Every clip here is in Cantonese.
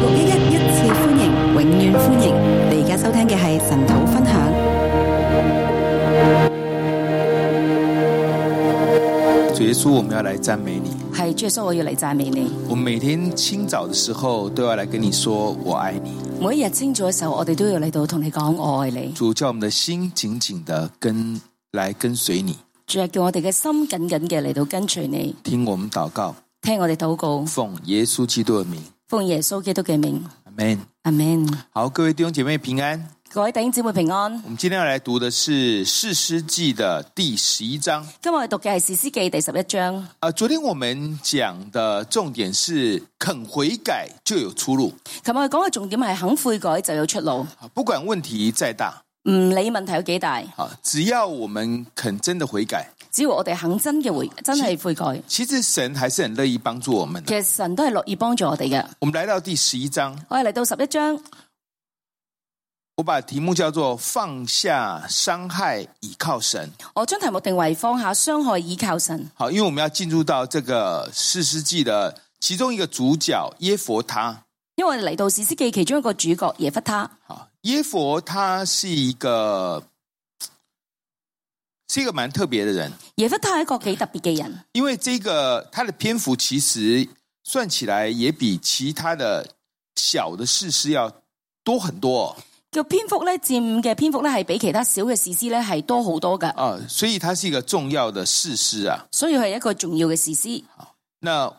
六一一一次歡迎，永遠歡迎！你而家收聽嘅係神土分享。主耶穌，我們要來讚美你。係，主耶穌，我要嚟讚美你。我每天清早嘅時候都要嚟跟你說我愛你。每一日清早嘅時候，我哋都要嚟到同你講我愛你。主叫我們的心緊緊的跟，來跟隨你。主叫我哋嘅心緊緊嘅嚟到跟隨你。聽我們禱告，聽我哋禱告。奉耶穌基督嘅名。奉耶穌基督嘅名，amen，amen。好，各位弟兄姐妹平安，各位弟兄姐妹平安。我們今天要來讀嘅是《士師記》嘅第十一章。今日我哋讀嘅係《士師記》第十一章。啊，昨天我們講嘅重點是肯悔改就有出路。琴日我哋講嘅重點係肯悔改就有出路。啊，不管問題再大，唔理問題有幾大，啊，只要我們肯真的悔改。只要我哋肯真嘅悔，真係悔改其，其實神還是很樂意幫助我們。其實神都係樂意幫助我哋嘅。我們嚟到第十一章，我哋嚟到十一章，我把題目叫做放下傷害，倚靠神。我將題目定為放下傷害，倚靠神。好，因為我們要進入到這個士師記的其中一個主角耶弗他。因為嚟到士師記其中一個主角耶弗他。好，耶弗他是一個。是一個蠻特別的人，耶弗他係一個幾特別嘅人，因為這個他的篇幅其實算起來也比其他的小的士師要多很多。個篇幅呢，佔嘅篇幅呢，係比其他小嘅士師呢，係多好多嘅，所以他是一個重要嘅士師啊，所以是一個重要嘅士師。好，那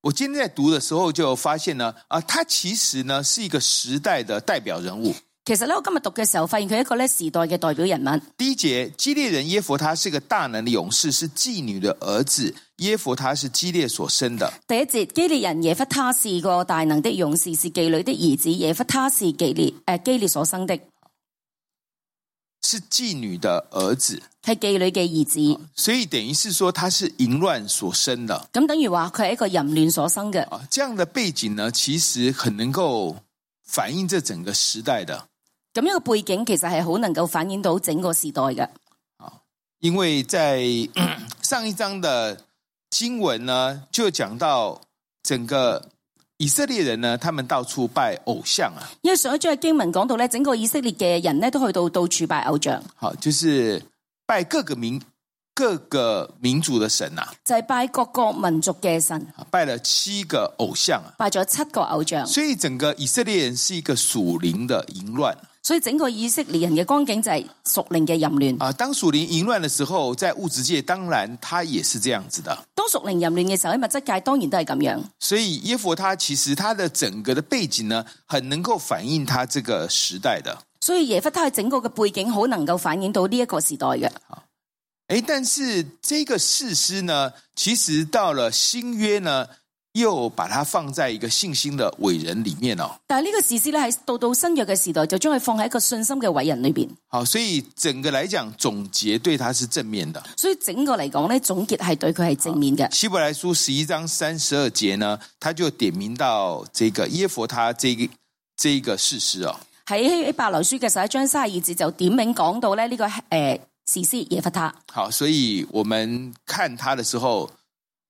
我今天在讀嘅時候就發現呢，啊，他其實呢是一個時代的代表人物。其實咧，我今日讀嘅時候發現佢係一個咧，時代嘅代表人物。第一節，基列人耶弗他是個大能的勇士，是妓女的兒子。耶弗他是基列所生的。第一節，基列人耶弗他是個大能的勇士，是妓女的兒子。耶弗他是基列誒，基列所生的，是妓女的兒子，係妓女嘅兒子。所以等於是說，他是淫亂所生的。咁等於話，佢係一個淫亂所生嘅。啊，這樣的背景呢，其實很能夠反映這整個時代的。咁呢個背景其實係好能夠反映到整個時代嘅。因為在上一章的經文呢，就講到整個以色列人呢，他們到處拜偶像啊。因為上一章經文講到呢，整個以色列嘅人呢，都去到到處拜偶像。好，就是拜各個民各個民族的神啊。就係拜各個民族嘅神。拜了七個偶像啊，拜咗七個偶像。所以整個以色列人是一個屬靈的淫亂。所以整個以色列人嘅光景就係屬靈嘅淫亂。啊，當屬靈淫亂嘅時候，在物質界當然，他也是這樣子的。當屬靈淫亂嘅時候，喺物質界當然都係咁樣。所以耶佛他其實他的整個的背景呢，很能夠反映他這個時代嘅。所以耶佛他嘅整個嘅背景好能夠反映到呢一個時代嘅。誒，但是這個事實呢，其實到了新約呢。又把它放在一個信心的偉人裏面咯。但係呢個事實咧，喺到到新約嘅時代就將佢放喺一個信心嘅偉人裏邊。好，所以整個來講總結對他是正面的。所以整個嚟講咧，總結係對佢係正面嘅。希伯來書十一章三十二節呢，他就點名到這個耶佛他這這個事實哦。喺《希伯來書》嘅十一章三十二節就點名講到咧呢個誒，事實耶佛他。好，所以我們看他的時候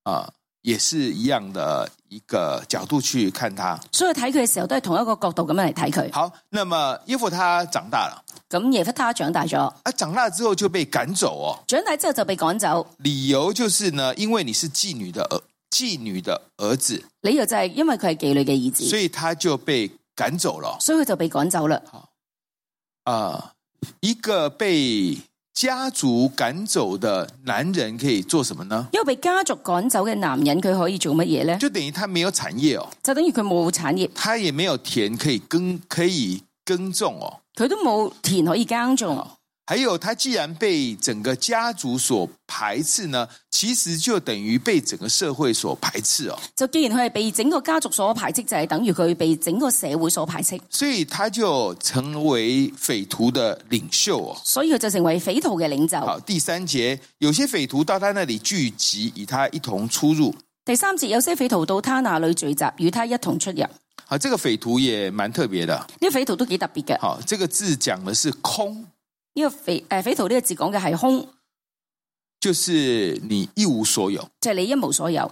啊。也是一樣的一個角度去看他，所以睇佢嘅時候都係同一個角度咁樣嚟睇佢。好，那麼耶弗他長大了，咁耶弗他長大咗，啊，長大之後就被趕走哦。長大之後就被趕走，理由就是呢，因為你是妓女的兒，妓女的兒子。理由就係因為佢係妓女嘅兒子，所以他就被趕走咯。所以佢就被趕走了。啊、呃，一個被。家族趕走的男人可以做什麼呢？因為被家族趕走嘅男人，佢可以做乜嘢呢？就等於他沒有產業哦，就等於佢冇產業，他也沒有田可以耕，可以耕種哦，佢都冇田可以耕種。還有，他既然被整個家族所排斥呢，其實就等於被整個社會所排斥哦。就既然佢係被整個家族所排斥，就係、是、等於佢被整個社會所排斥。所以他就成為匪徒的領袖哦。所以佢就成為匪徒嘅領袖。好，第三節，有些匪徒到他那裏聚集，與他一同出入。第三節，有些匪徒到他那裏聚集，與他一同出入。好，這個匪徒也蠻特別的。呢、這個、匪徒都幾特別嘅。好，這個字講嘅是空。呢、這個匪誒、呃、匪徒呢個字講嘅係空，就是你一無所有，即、就、係、是、你一無所有，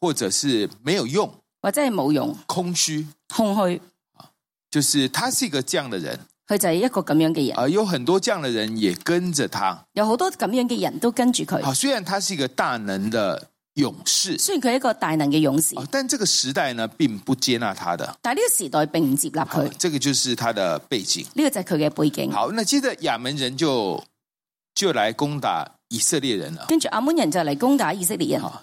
或者是沒有用，或者係冇用，空虛、空虛，就是他是一個這樣的人，佢就係一個咁樣嘅人，啊，而有很多這樣的人也跟着他，有好多咁樣嘅人都跟住佢，啊，雖然他是一個大能的。勇士，雖然佢係一個大能嘅勇士，哦，但這個時代呢，並不接納他的。的但呢個時代並唔接納佢，這個就是他的背景。呢，呢個就係佢嘅背景。好，那接着亞門人就就來攻打以色列人啦。跟住亞門人就嚟攻打以色列人。好，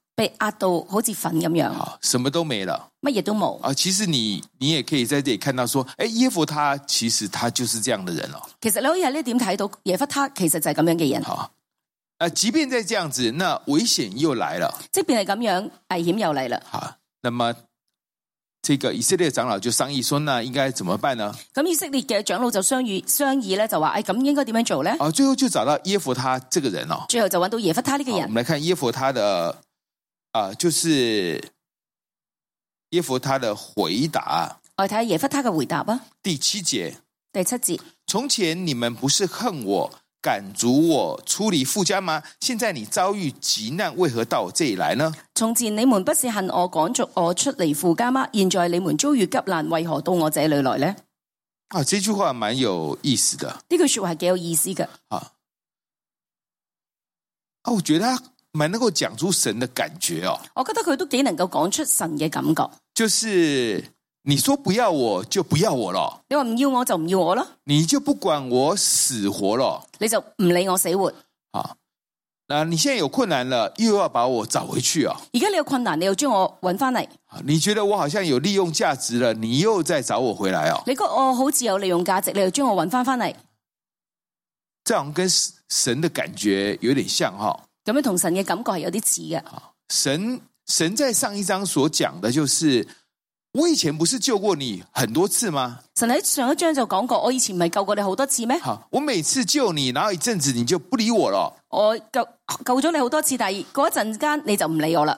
被壓到好似粉咁樣，什麼都沒了，乜嘢都冇啊！其實你你也可以在這裏看到，說，誒、欸，耶弗他其實他就是這樣的人咯、哦。其實你可以喺呢點睇到，耶弗他其實就係咁樣嘅人。吓，啊，即便再這樣子，那危險又來了。即便係咁樣，危險又嚟啦。好，那麼這個以色列長老就商議說，那應該怎麼辦呢？咁以色列嘅長老就商議商議咧，就、欸、話，誒，咁應該點樣做咧？啊，最後就找到耶弗他這個人咯、哦。最後就揾到耶弗他呢個人。我們來看耶弗他的。啊，就是耶弗他的回答。我睇下耶弗他的回答、啊、第七節。第七節。從前你們不是恨我趕逐我出離父家嗎？現在你遭遇急難，為何到我這裏來呢？從前你們不是恨我趕逐我出離父家嗎？現在你們遭遇急難，為何到我這裏來呢？啊，這句話蠻有意思的。呢句說話係幾有意思嘅啊，啊，我覺得、啊。蠻能夠講出神的感覺哦，我覺得佢都幾能夠講出神嘅感覺。就是你說不要我就不要我咯，你話唔要我就唔要我咯，你就不管我死活咯，你就唔理我死活。啊，那你現在有困難了，又要把我找回去啊？而家你有困難，你又將我揾翻嚟，你覺得我好像有利用價值了？你又再找我回來哦？你覺我好似有利用價值，你又將我揾翻翻嚟？這樣跟神的感覺有點像哈、哦？咁樣同神嘅感覺係有啲似嘅。神神在上一章所講嘅，就是我以前不是救過你很多次嗎？神喺上一章就講過，我以前唔係救過你好多次咩？我每次救你，然後一陣子你就不理我喇。我救救咗你好多次，但係嗰陣間你就唔理我啦。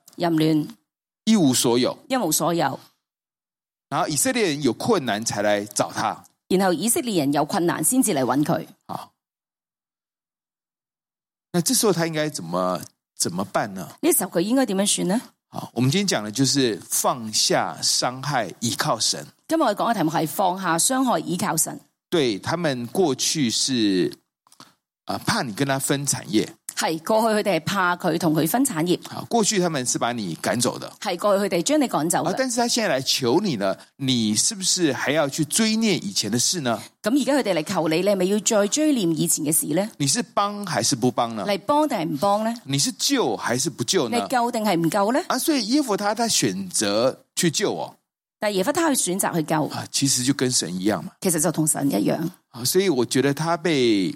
淫亂，一無所有，一無所有。然後以色列人有困難才來找他，然後以色列人有困難先至嚟揾佢。好，那這時候他應該怎麼怎麼辦呢？呢時候佢應該點樣算呢？好，我們今天講的就是放下傷害，倚靠神。今日我講嘅題目係放下傷害，倚靠神。對他們過去是啊、呃，怕你跟他分產業。係過去佢哋係怕佢同佢分產業。好，過去他們是把你趕走的。係過去佢哋將你趕走的，啊。但是他現在來求你呢？你是不是還要去追念以前的事呢？咁而家佢哋嚟求你，你係咪要再追念以前嘅事呢？你是幫還是不幫呢？你幫定係唔幫呢？你是救還是不救呢？你救定係唔救呢？啊，所以耶弗他，他選擇去救哦。但耶弗他去選擇去救啊，其實就跟神一樣嘛。其實就同神一樣，嗯。啊，所以我覺得他被。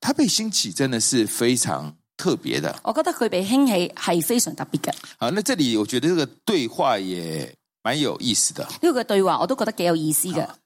他被興起真的是非常特別的，我覺得佢被興起是非常特別的。好，那這裏我覺得這個對話也蠻有意思的。呢個對話我都覺得挺有意思的。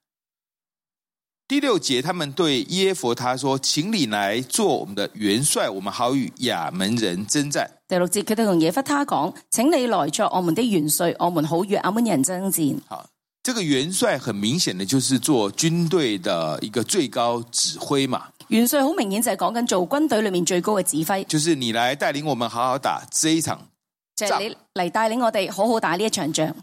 第六節，他們對耶弗他說，請你來做我們的元帥，我們好與亞捫人爭戰。第六節，佢哋同耶弗他講，請你來做我們的元帥，我們好與亞捫人爭戰。好，這個元帥很明顯的就是做軍隊的一個最高指揮嘛。元帥好明顯就係講緊做軍隊裏面最高嘅指揮，就是你來帶領我們好好打這一場。就係、是、你嚟帶領我哋好好打呢一場仗。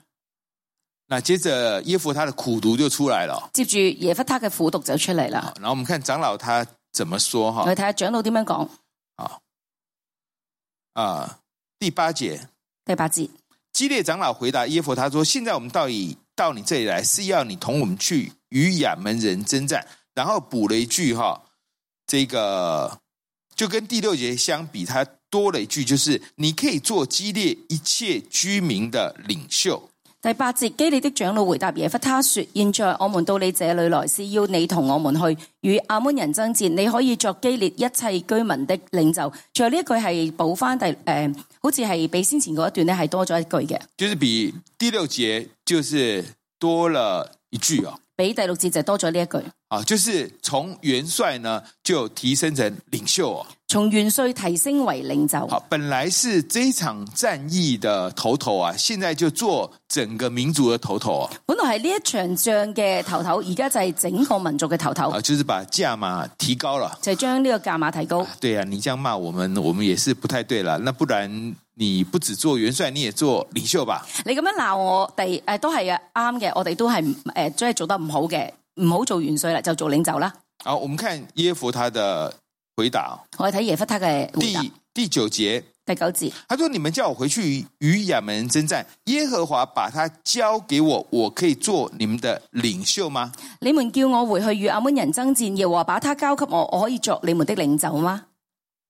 那接着耶弗他的苦毒就出來了，接住耶弗他嘅苦毒就出嚟啦。然後我們看長老他怎麼說哈，睇下長老點樣講。啊，啊第八節。第八節，基列長老回答耶弗他說：現在我們到以到你這裏來，是要你同我們去與亞門人征戰。然後補了一句哈。這個就跟第六節相比，他多了一句，就是你可以做激烈一切居民的領袖。第八節，激烈的長老回答耶弗，他說：現在我們到你這裏來，是要你同我們去與阿門人爭戰。你可以作激烈一切居民的領袖。最後呢一句係補翻第誒，好似係比先前嗰一段呢，係多咗一句嘅，就是比第六節就是多了一句啊、哦。比第六節就多咗呢一句啊，就是從元帥呢就提升成領袖啊，從元帥提升為領袖。好，本來是這場戰役的頭頭啊，現在就做整個民族的頭頭啊。本來係呢一場仗嘅頭頭，而家就係整個民族嘅頭頭。啊，就是把價碼提高了，就將呢個價碼提高。啊，對啊，你這樣罵我們，我們也是不太對啦。那不然，你不只做元帥，你也做領袖吧？你咁樣鬧我哋，誒，都係啊，啱嘅，我哋都係誒，即係做得唔好嘅，唔好做元帥啦，就做領袖啦。好，我們看耶弗他的回答。我哋睇耶弗他嘅回答，第九節，第九節，他說：你們叫我回去與亞門人征戰，耶和華把他交給我，我可以做你們的領袖嗎？你們叫我回去與亞門人征戰，耶和華把他交給我，我可以做你們的領袖嗎？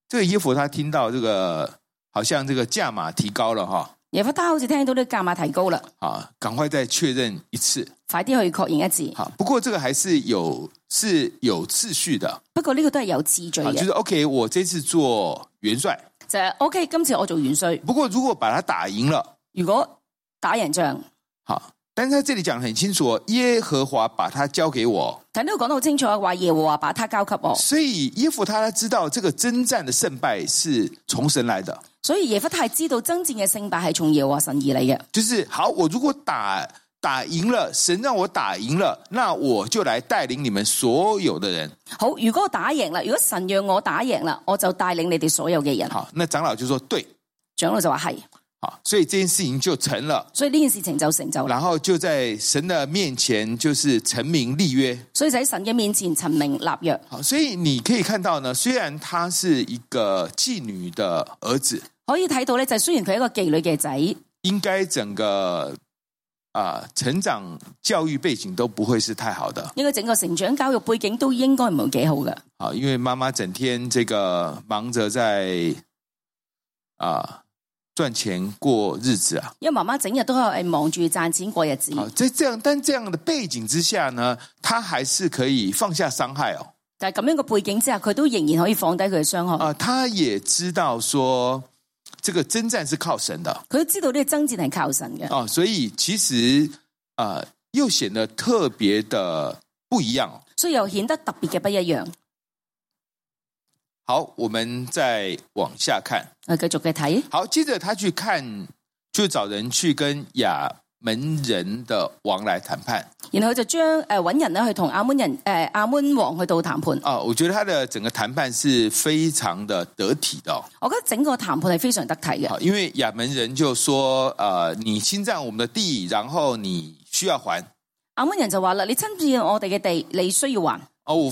即係耶弗他聽到這個。好像這個價碼提高了哈，耶弗他好似聽到啲價碼提高了。啊，趕快再確認一次，快啲去確認一次。好，不過這個還是有，是有次序的。不過呢個都係有次序嘅，就是 OK，我這次做元帥，就是 OK，今次我做元帥。不過如果把他打贏了，如果打贏仗，好，但係這裏講得很清楚，耶和華把他交給我，睇到講得好清楚，話耶和華把他交給我，所以耶弗他，他知道這個征戰的勝敗是從神來的。所以耶弗他知道真正嘅勝敗係從耶和神而來嘅，就是好。我如果打打贏了，神讓我打贏了，那我就來帶領你們所有的人。好，如果我打贏了，如果神讓我打贏了，我就帶領你哋所有嘅人。好，那長老就說對，長老就說是。好，所以這件事情就成了，所以呢件事情就成就了，然後就在神的面前就是成名立約，所以在神嘅面前成名立約。好，所以你可以看到呢，雖然他是一個妓女的兒子，可以睇到呢，就是、雖然佢係一個妓女嘅仔，應該整個啊、呃、成長教育背景都不會是太好的。應該整個成長教育背景都應該唔係幾好的啊，因為媽媽整天這個忙着在啊。呃賺錢過日子啊，因為媽媽整日都喺度忙住賺錢過日子。好、啊，在這樣但這樣的背景之下呢，他還是可以放下傷害哦。但係咁樣個背景之下，佢都仍然可以放低佢嘅傷害。啊，他也知道說，這個征戰是靠神的。佢都知道呢個征戰係靠神嘅。啊，所以其實啊、呃，又顯得特別的不一樣。所以又顯得特別嘅不一樣。好，我們再往下看。繼續嘅睇。好，接着他去看，就找人去跟亞門人的王來談判。然後就將誒搵、呃、人咧去同亞門人誒亞、呃、門王去到談判，哦。我覺得他的整個談判是非常的得體的。我覺得整個談判係非常得體嘅。因為亞門人就說：呃、你侵佔我們的地，然後你需要還。亞門人就話啦：你侵佔我哋嘅地，你需要還。哦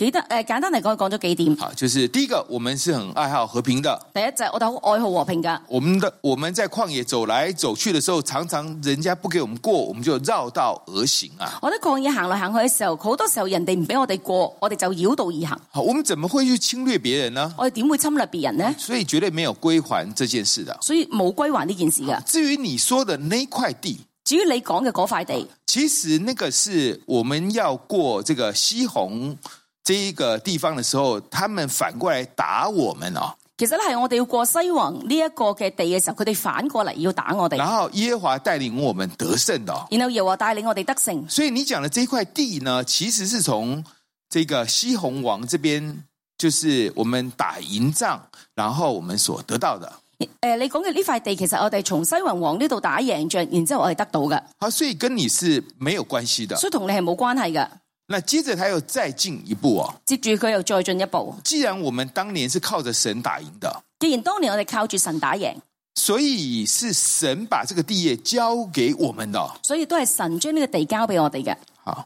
記得誒，簡單嚟講，講咗幾點？啊，就是第一個，我們是很愛好和平的。第一就係、是、我哋好愛好和平噶。我們的我們在曠野走來走去的時候，常常人家不給我們過，我們就繞道而行啊。我喺曠野行來行去嘅時候，好多時候人哋唔俾我哋過，我哋就繞道而行。好、啊，我們怎麼會去侵略別人呢？我哋點會侵略別人呢、啊？所以絕對沒有歸還這件事的。所以冇歸還呢件事噶、啊。至於你說的那塊地，至於你講嘅嗰塊地、啊，其實那個是我們要過這個西紅。這一個地方的時候，他們反過來打我們咯。其實咧，係我哋要過西王呢一個嘅地嘅時候，佢哋反過嚟要打我哋。然後耶和華帶領我們得勝的。然後耶和華帶領我哋得勝。所以你講的這塊地呢，其實是從這個西紅王這邊，就是我們打贏仗，然後我們所得到的。誒、呃，你講嘅呢塊地，其實我哋從西紅王王呢度打贏仗，然之後我哋得到嘅。好，所以跟你是沒有關係的，所以同你係冇關係嘅。那接着他又再進一步啊、哦！接住佢又再進一步。既然我們當年是靠着神打贏的，既然當年我哋靠住神打贏，所以是神把這個地業交給我們的，所以都係神將呢個地交俾我哋嘅。好，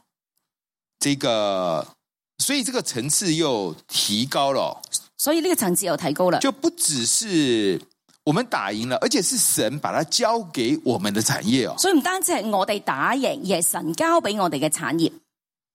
這個所以這個層次又提高了，所以呢個層次又提高了，就不只是我們打贏了，而且是神把它交給我們的產業、哦、所以唔單止係我哋打贏，而係神交俾我哋嘅產業。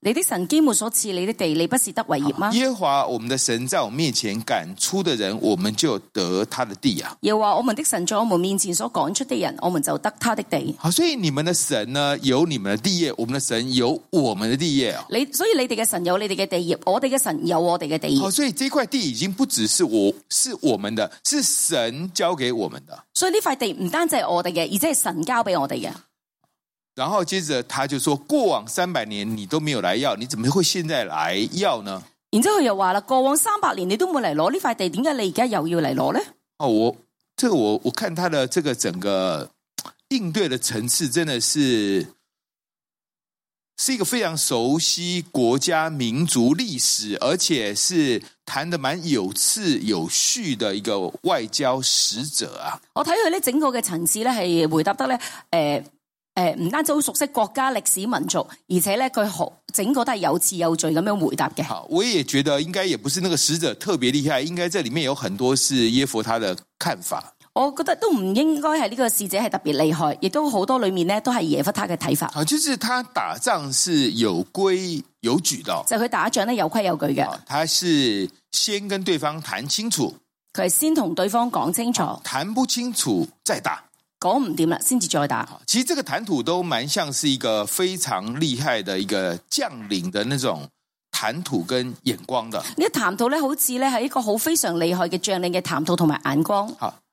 你的神基抹所賜你的地，你不是得為業嗎？耶和華我們的神在我面前趕出的人，我們就得他的地呀、啊。耶和華我們的神在我們面前所趕出的人，我們就得他的地。好，所以你們的神呢，有你們的地業；我們的神有我們的地業、啊。你所以你哋嘅神有你哋嘅地業，我哋嘅神有我哋嘅地業。好，所以這塊地已經不只是我是我們的，是神交給我們的。所以呢塊地唔單止係我哋嘅，而且係神交俾我哋嘅。然後接着他就說，過往三百年你都沒有來要，你怎麼會現在來要呢？然之後他又話啦，過往三百年你都冇來攞呢塊地，點解你而家又要嚟攞呢、哦？我，這個、我我看他的這個整個應對的層次，真的是，是一個非常熟悉國家民族歷史，而且是談得蠻有次有序的一個外交使者啊！我睇佢呢整個嘅層次是回答得、呃誒、欸，唔單止好熟悉國家歷史民族，而且咧佢整個都係有次有據咁樣回答嘅。我也覺得應該也不是那個使者特別厲害，應該這裏面有很多是耶弗他的看法。我覺得都唔應該係呢個使者係特別厲害，亦都好多裏面呢都係耶弗他的睇法。啊，就是他打仗是有規有矩咯。就佢、是、打仗咧有規有矩嘅、啊，他是先跟對方談清楚，佢係先同對方講清楚、啊，談不清楚再打。講唔掂啦，先至再打。其實這個談吐都蠻像是一個非常厲害的一個將領的那種談吐跟眼光的。呢、這個、談吐呢，好似呢係一個好非常厲害嘅將領嘅談吐同埋眼光。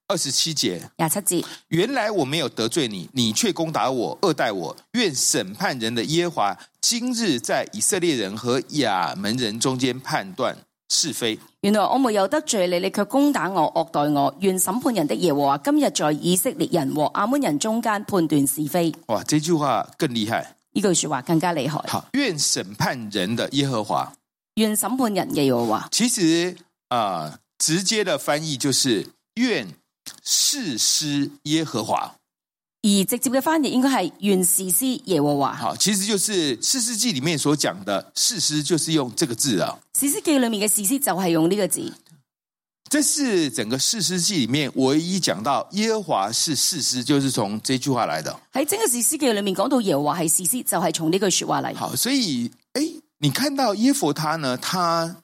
二十七節，廿七節。原來我沒有得罪你，你卻攻打我，惡待我。願審判人的耶和華今日在以色列人和亞捫人中間判斷。是非，原來我沒有得罪你，你卻攻打我、惡待我。願審判人的耶和華今日在以色列人和亞捫人中間判斷是非。哇，這句話更厲害，呢句說話更加厲害。好，願審判人的耶和華，願審判人的耶和華。其實啊、呃，直接的翻譯就是願士師耶和華。而直接嘅翻譯應該係原士師耶和華。好，其實就是《士師記》裏面所講的士師，就是用這個字啊。《士師記》裏面嘅士師就係用呢個字。這是整個《士師記》裏面唯一講到耶和華是士師，就是從這句話來的。喺整個《士師記》裏面講到耶和華係士師，就係、是、從呢句說話嚟。好，所以誒，你看到耶和華他呢，他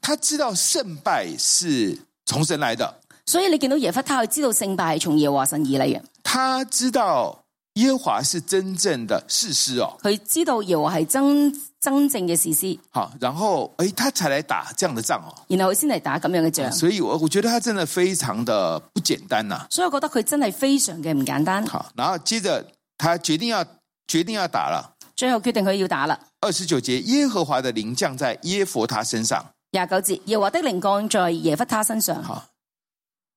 他知道勝敗是從神來的。所以你見到耶弗他，佢知道勝敗係從耶和華神而嚟嘅。他知道耶和華是真正的士師哦。佢知道耶和華係真真正嘅士師。好，然後誒，他才嚟打這樣的仗哦。然後佢先嚟打咁樣嘅仗。所以我我覺得他真係非常的不簡單啊。所以我覺得佢真係非常嘅唔簡單。好，然後接着，他決定要決定要打了。最後決定佢要打啦。二十九節，耶和華的靈降在耶弗他身上。廿九節，耶和華的靈降在耶弗他身上。好。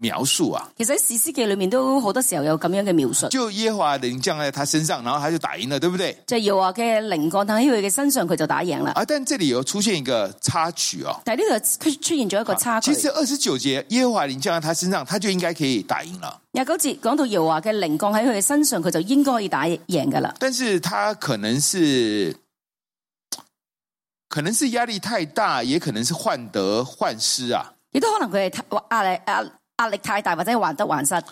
描述啊，其實喺《士師記》裏面都好多時候有咁樣嘅描述。就耶和華靈降在他身上，然後他就打贏了，對不對？就耶和華嘅靈降喺佢嘅身上，佢就打贏了啊，但這裏有出現一個插曲哦。但呢度佢出現咗一個插曲，啊。其實二十九節耶和華靈降喺他身上，他就應該可以打贏了。廿九節講到耶和華嘅靈降喺佢嘅身上，佢就應該可以打贏噶啦。但是他可能是，可能是壓力太大，也可能是患得患失啊。亦都可能佢，他阿嚟阿。啊。壓力太大或者患得患失啊！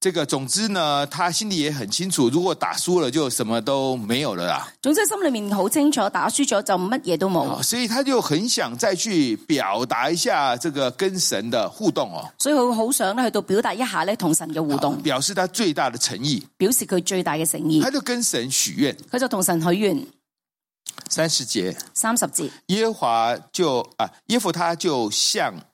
這個總之呢，他心裏也很清楚，如果打輸了就什麼都沒有啦。總之心裏面好清楚，打輸咗就乜嘢都冇、呃。所以他就很想再去表達一下這個跟神的互動哦。所以佢好想咧去到表達一下呢，同神嘅互動、呃，表示他最大的誠意，表示佢最大嘅誠意。他就跟神許願，佢就同神許願三十節，三十節耶和華就啊耶夫，他就向。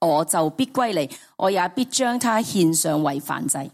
我就必歸你，我也必將他獻上為燔祭。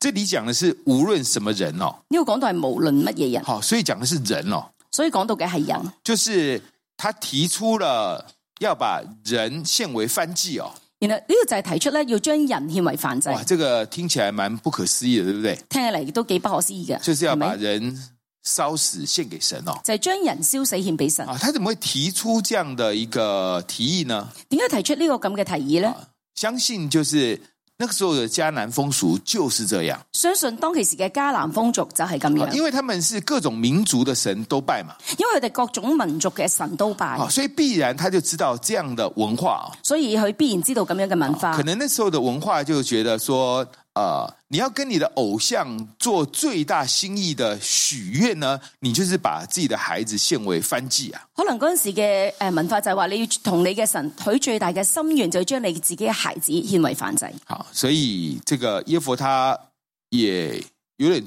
這裏講的是無論什麼人哦，呢、這個講到係無論乜嘢人、哦，所以講的是人哦。所以講到嘅係人，就是他提出了要把人獻為燔祭哦。原來呢個就係提出咧，要將人獻為燔祭。哇，這個聽起來蠻不可思議的，對不對？聽起嚟都幾不可思議嘅，就是要把人是不是。燒死獻給神哦，就係、是、將人燒死獻畀神。啊，他怎麼會提出這樣的一個提議呢？點解提出呢、這個咁嘅提議呢、啊？相信就是那個時候嘅迦南風俗就是這樣。相信當其時嘅迦南風俗就係咁樣、啊，因為他們是各種民族嘅神都拜嘛。因為佢哋各種民族嘅神都拜、啊，所以必然他就知道這樣的文化。所以佢必然知道咁樣嘅文化、啊。可能那時候的文化就覺得說。呃，你要跟你的偶像做最大心意的許願呢，你就是把自己的孩子獻為燔祭啊。可能嗰陣時嘅誒文化就係話，你要同你嘅神許最大嘅心願，就將你自己嘅孩子獻為燔祭。好，所以這個耶弗他也有點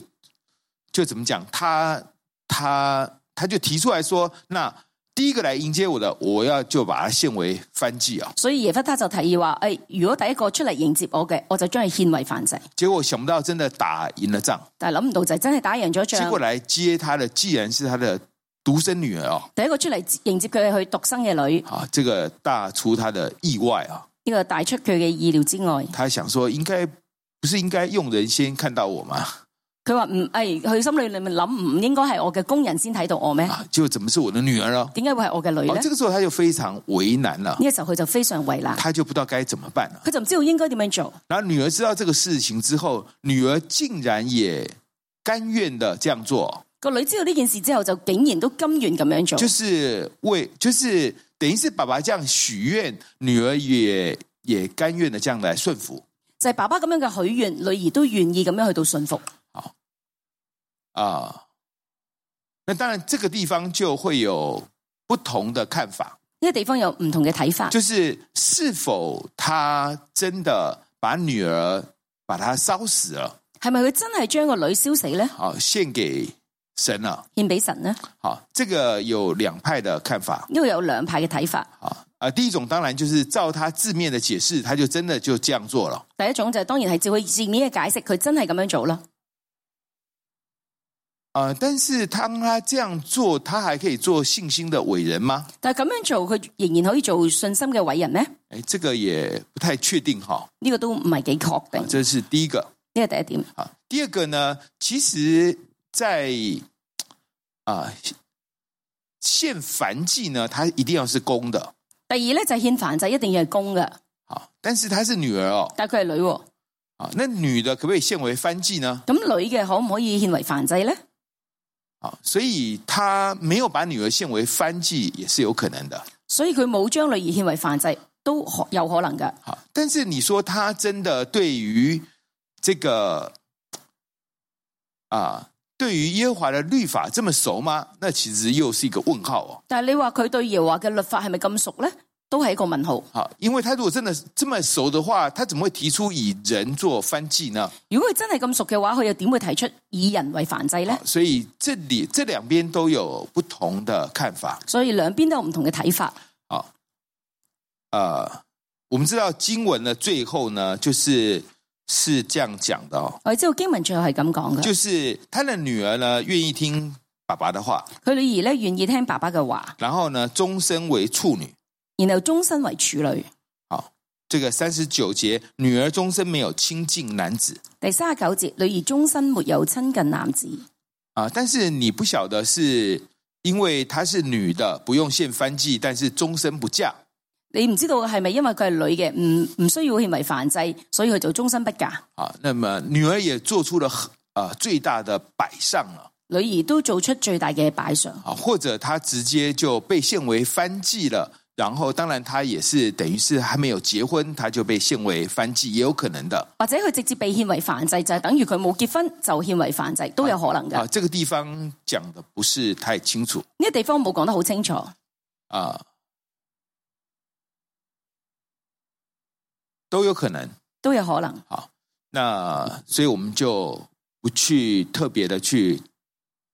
就怎麼講，他他他就提出來說，那。第一個來迎接我的，我要就把他獻為燔祭啊！所以耶弗他就提議話，誒，如果第一個出嚟迎接我嘅，我就將佢獻為燔祭。結果想不到真的打贏了仗，但係諗唔到就真係打贏咗仗。結果來接他的，既然是他的獨生女兒哦，第一個出嚟迎接佢嘅，佢獨生嘅女。啊，這個大出他的意外啊！呢個大出佢嘅意料之外，他想說應該不是應該用人先看到我嘛？佢話唔，哎，佢心裏裏面諗唔、嗯、應該係我嘅工人先睇到我咩、啊？就怎麼是我的女兒咯？點解會係我嘅女呢、哦？這個時候，她就非常為難啦。呢、這個時候，佢就非常為難，她就不知道該怎麼辦啦。佢就唔知道應該點樣做。然後，女兒知道這個事情之後，女兒竟然也甘願的這樣做。個女知道呢件事之後，就竟然都甘願咁樣做，就是為，就是等於是爸爸這樣許願，女兒也也甘願的這樣來順服。就係、是、爸爸咁樣嘅許願，女兒也都願意咁樣去到順服。啊，那當然，這個地方就會有不同的看法。呢、這個地方有唔同嘅睇法，就是是否他真的把女兒把她燒死了？係咪佢真係將個女燒死呢？哦、啊，獻給神啊，獻俾神呢？好，這個有兩派的看法，因、這、為、個、有兩派嘅睇法。啊，啊，第一種當然就是照他字面的解釋，他就真的就這樣做了。第一種就是、當然係照佢字面嘅解釋，佢真係咁樣做囉。但是他他這樣做，他還可以做信心的偉人嗎？但係咁樣做，佢仍然可以做信心嘅偉人咩？誒，這個也不太確定哈。呢個都唔係幾確定。這是第一個。呢個第一點。第二個呢，其實在啊獻燔祭呢，他一定要是公的。第二呢，就是、獻燔祭一定要係公嘅。但是她是女兒哦。但係佢係女。啊、哦，那女的可唔可以獻為燔祭呢？咁女嘅可唔可以獻為燔祭呢？所以他沒有把女兒獻為燔祭，也是有可能的。所以佢冇將女兒獻為燔祭都有可能的。但是你說他真的對於這個、啊、對於耶和華的律法這麼熟嗎？那其實又是一個問號哦。但係你話佢對耶和華嘅律法係咪咁熟咧？都係一個問號。好，因為他如果真的這麼熟的話，他怎麼會提出以人做翻譯呢？如果佢真係咁熟嘅話，佢又點會提出以人為繁殖呢，啊、所以這裏這兩邊都有不同的看法。所以兩邊都有唔同嘅睇法。好，啊，誒、呃，我們知道經文的最後呢，就是是這樣講的哦。我知道經文最後係咁講嘅，就是他的女兒呢，願意聽爸爸的話，佢女兒呢，願意聽爸爸嘅話，然後呢終身為處女。然後終身為處女。好，這個三十九節，女兒終身沒有親近男子。第三十九節，女兒終身沒有親近男子。啊，但是你不曉得是因為她是女的，不用獻燔祭，但是終身不嫁。你唔知道係咪因為佢係女嘅，唔唔需要獻為燔祭，所以佢就終身不嫁。啊，那麼女兒也做出了啊、呃、最大的擺上了。女兒都做出最大嘅擺上。啊，或者她直接就被獻為燔祭了。然後，當然，他也是等於是還沒有結婚，他就被獻為燔祭，也有可能的。或者佢直接被獻為燔祭，就是，等於佢冇結婚就獻為燔祭，啊，都有可能的啊，這個地方講的不是太清楚。呢、這個地方冇講得好清楚。啊，都有可能，都有可能。好，那所以我們就不去特別的去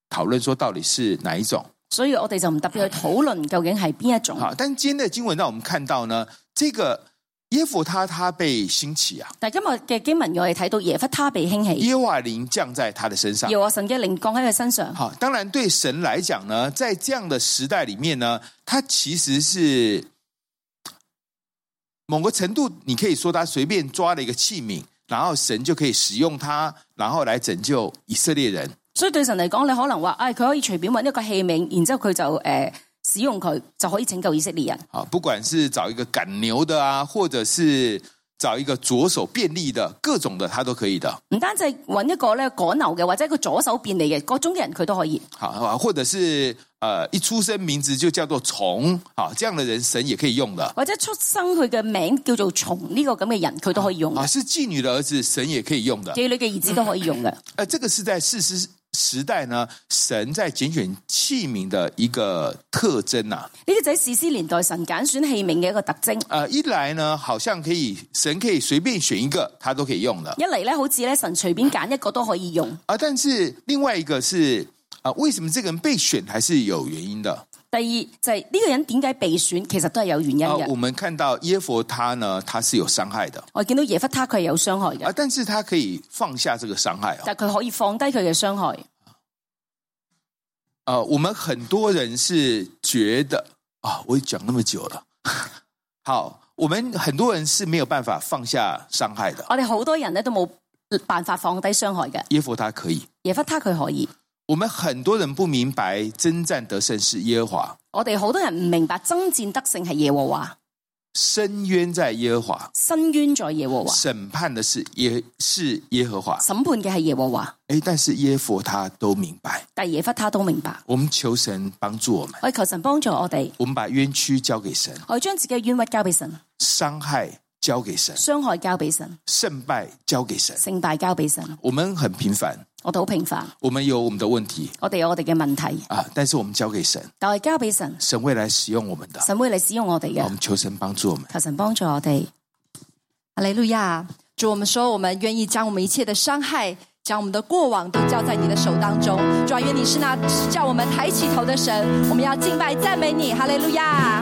討論說到底是哪一種。所以我哋就唔特別去討論究竟係邊一種好。但今天的經文讓我們看到呢，這個耶弗他他被興起啊。但今日嘅經文我哋睇到耶弗他被興起，耶和華的靈降在他的身上，耶和神嘅靈降喺佢身上。好，當然對神來講呢，在這樣的時代裏面呢，他其實是某個程度，你可以說他隨便抓了一個器皿，然後神就可以使用它，然後來拯救以色列人。所以對神嚟講，你可能話，誒、哎，佢可以隨便揾一個器皿，然之後佢就誒、呃、使用佢，就可以拯救以色列人。好，不管是找一個趕牛的啊，或者是找一個左手便利的，各種的，他都可以的。唔單止揾一個咧趕牛嘅，或者一個左手便利嘅，各種嘅人佢都可以。好，或者是，誒、呃，一出生名字就叫做蟲，啊，這樣嘅人神也可以用的。或者出生佢嘅名叫做蟲呢，這個咁嘅人佢都可以用的。啊，是妓女嘅兒子神也可以用的。妓女嘅兒子都可以用嘅。誒、嗯呃，這個是在事實。時代呢，神在揀選器皿的一個特徵啦。呢啲就係史詩年代神揀選器皿嘅一個特徵。誒，一來呢，好像可以神可以隨便選一個，他都可以用的。一嚟呢，好似呢，神隨便揀一個都可以用。啊，但是另外一個是啊，為什麼這個人被選還是有原因的？第二就係、是、呢個人點解被選，其實都係有原因嘅。Uh, 我們看到耶弗他呢，他是有傷害的。我見到耶弗他佢係有傷害嘅。啊、uh，但是他可以放下這個傷害啊。但佢可以放低佢嘅傷害。啊、uh，我們很多人是覺得啊，我講那麼久了， 好，我們很多人是沒有辦法放下傷害的。我哋好多人呢都冇辦法放低傷害嘅。耶弗他可以，耶弗他佢可以。我們很多人不明白征戰得勝是耶和華，我哋好多人唔明白征戰得勝係耶和華，伸冤在耶和華，伸冤在耶和華，審判的是耶是耶和華，審判嘅係耶和華。誒，但是耶弗他都明白，但係耶弗他都明白，我們求神幫助我們，我求神幫助我哋，我們把冤屈交給神，我將自己嘅冤屈交俾神，傷害，交給神，傷害交俾神，勝敗交給神，勝敗交俾神。我們很平凡，我都好平凡。我們有我們的問題，我哋有我哋嘅問題啊！但是我們交給神，給神，神會來使用我們的，神會來使用我哋嘅。我們求神幫助我們，求神幫助我哋。哈利路亞！主，我們說，我們願意將我們一切的傷害，將我們的過往都交在你的手當中。主，願你是那是叫我們抬起頭的神，我們要敬拜讚美你。哈雷路亞！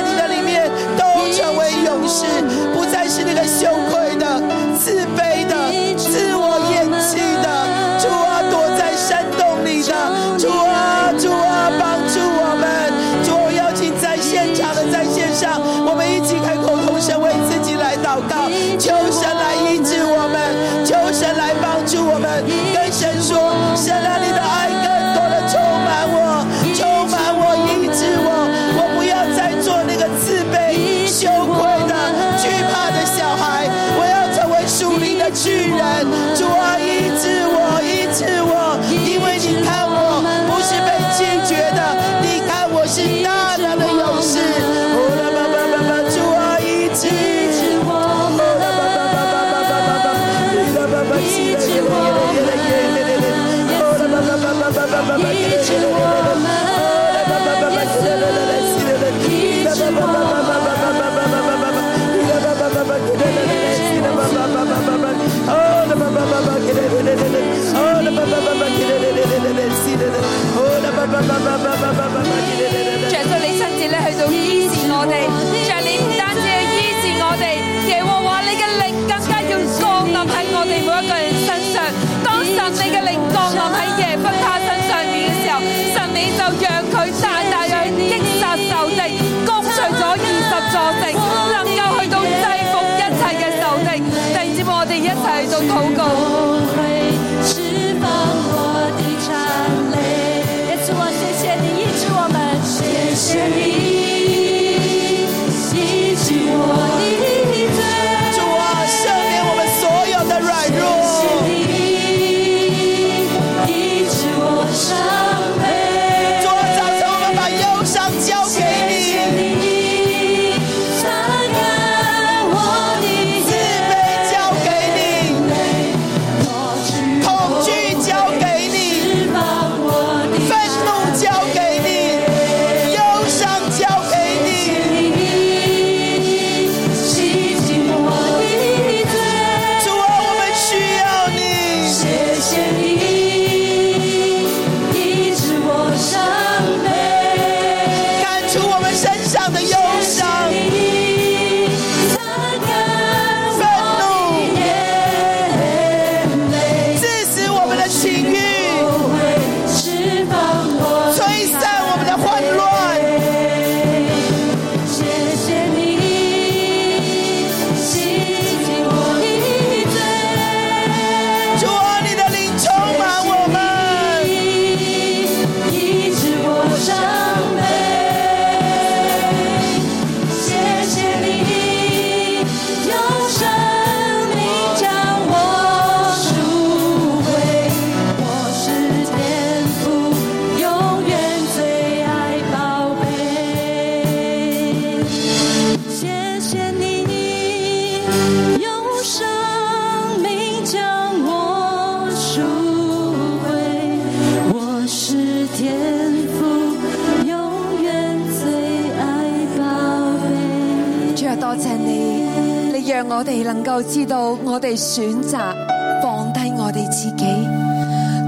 我哋能夠知道，我哋選擇放低我哋自己。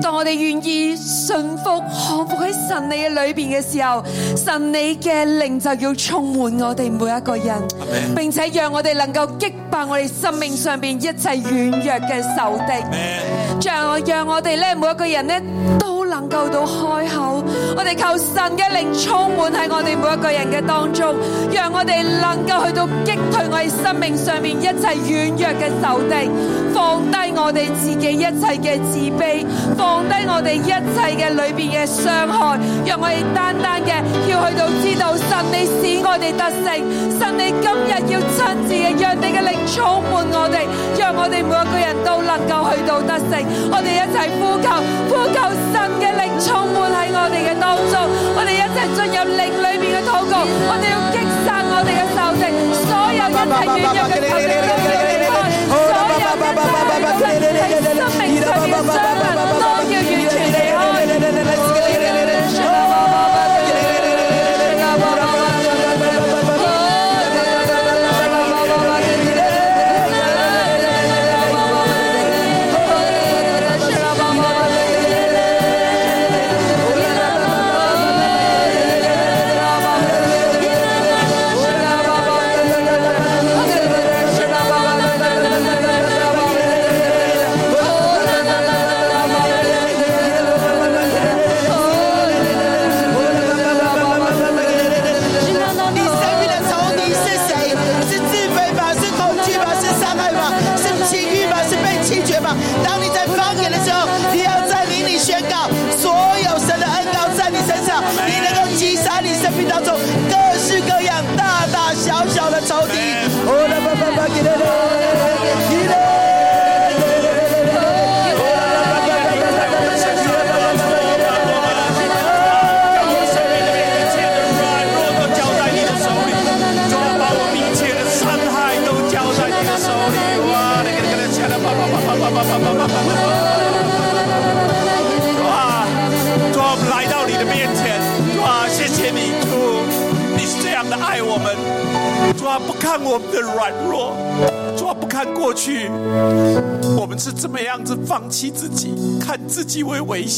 當我哋願意順服、降服喺神你嘅裏邊嘅時候，神你嘅靈就要充滿我哋每一個人，並且讓我哋能夠擊敗我哋生命上邊一切軟弱嘅仇敵。讓讓我哋咧，每一個人咧都，夠到開口，我哋求神嘅靈充滿喺我哋每一個人嘅當中，讓我哋能夠去到擊退我哋生命上面一切軟弱嘅仇敵，放低我哋自己一切嘅自卑，放低我哋一切嘅裏邊嘅傷害，讓我哋單單嘅要去到知道神你使我哋得勝，神你今日要親自嘅，讓你嘅靈充滿我哋，讓我哋每一個人都能夠去到得勝，我哋一齊呼求呼求神嘅。充滿喺我哋嘅當中，我哋一齊進入靈裏面嘅禱告，我哋要擊殺我哋嘅仇敵，所有一切軟弱嘅敵人，所有一切嘅罪惡，所有一切嘅罪惡。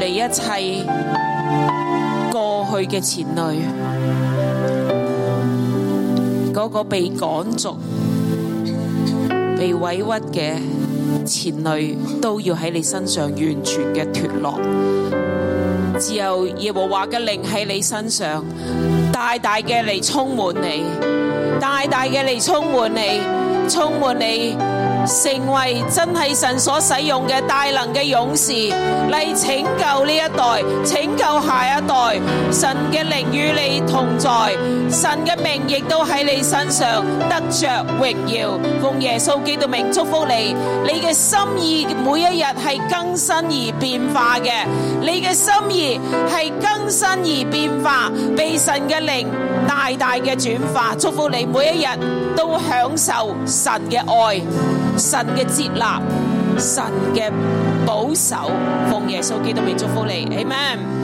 嚟一切過去嘅前累，嗰、那個被趕逐、被委屈嘅前累，都要喺你身上完全嘅脫落。只有耶和華嘅靈喺你身上，大大嘅嚟充滿你，大大嘅嚟充滿你，充滿你。成為真係神所使用嘅大能嘅勇士，嚟拯救呢一代，拯救下一代。神嘅靈與你同在，神嘅名亦都喺你身上得着榮耀。奉耶穌基督名祝福你，你嘅心意每一日係更新而變化嘅，你嘅心意係更新而變化，被神嘅靈大大嘅轉化。祝福你每一日都享受神嘅愛。神嘅接納，神嘅保守，奉耶穌基督名祝福你，Amen。